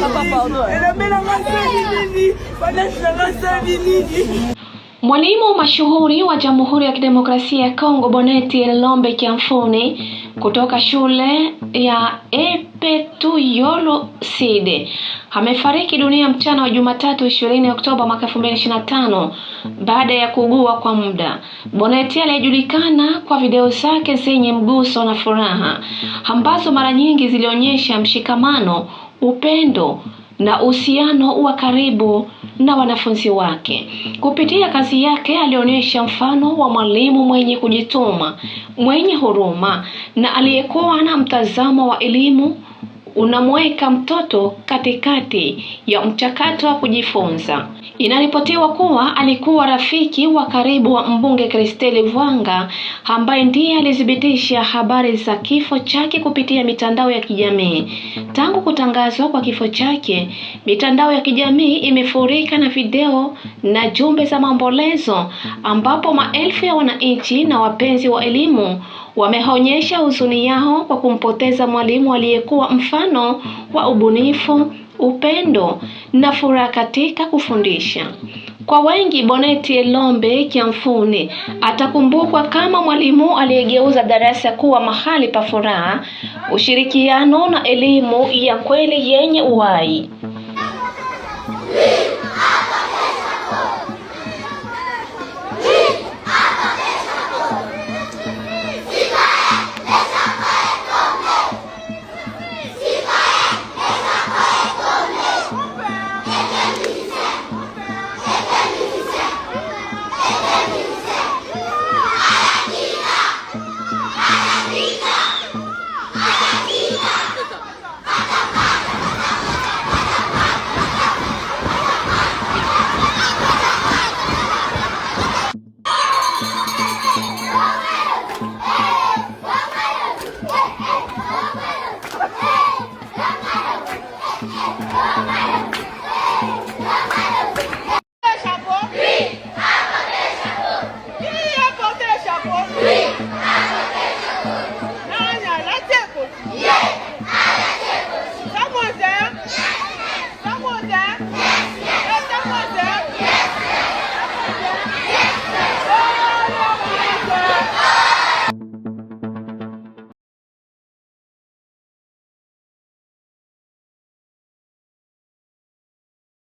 Papa, pardon. Elle a mis la race à l'île, elle a mis la race à l'île. Mwalimu mashuhuri wa Jamhuri ya Kidemokrasia ya Kongo Boneti Lombe Kiamfuni kutoka shule ya Epetuyolo Side amefariki dunia mchana wa Jumatatu 20 Oktoba mwaka 2025 baada ya kuugua kwa muda. Boneti aliyejulikana kwa video zake zenye mguso na furaha ambazo mara nyingi zilionyesha mshikamano, upendo na uhusiano wa karibu na wanafunzi wake. Kupitia kazi yake, alionyesha mfano wa mwalimu mwenye kujituma, mwenye huruma na aliyekuwa na mtazamo wa elimu unamweka mtoto katikati ya mchakato wa kujifunza. Inaripotiwa kuwa alikuwa rafiki wa karibu wa mbunge Kristeli Vwanga ambaye ndiye alithibitisha habari za kifo chake kupitia mitandao ya kijamii. Tangu kutangazwa kwa kifo chake, mitandao ya kijamii imefurika na video na jumbe za maombolezo ambapo maelfu ya wananchi na wapenzi wa elimu wameonyesha huzuni yao kwa kumpoteza mwalimu aliyekuwa mfano mfano wa ubunifu, upendo na furaha katika kufundisha. Kwa wengi, Boneti Lombe Kiamfuni atakumbukwa kama mwalimu aliyegeuza darasa kuwa mahali pa furaha, ushirikiano na elimu ya kweli yenye uhai. Eita!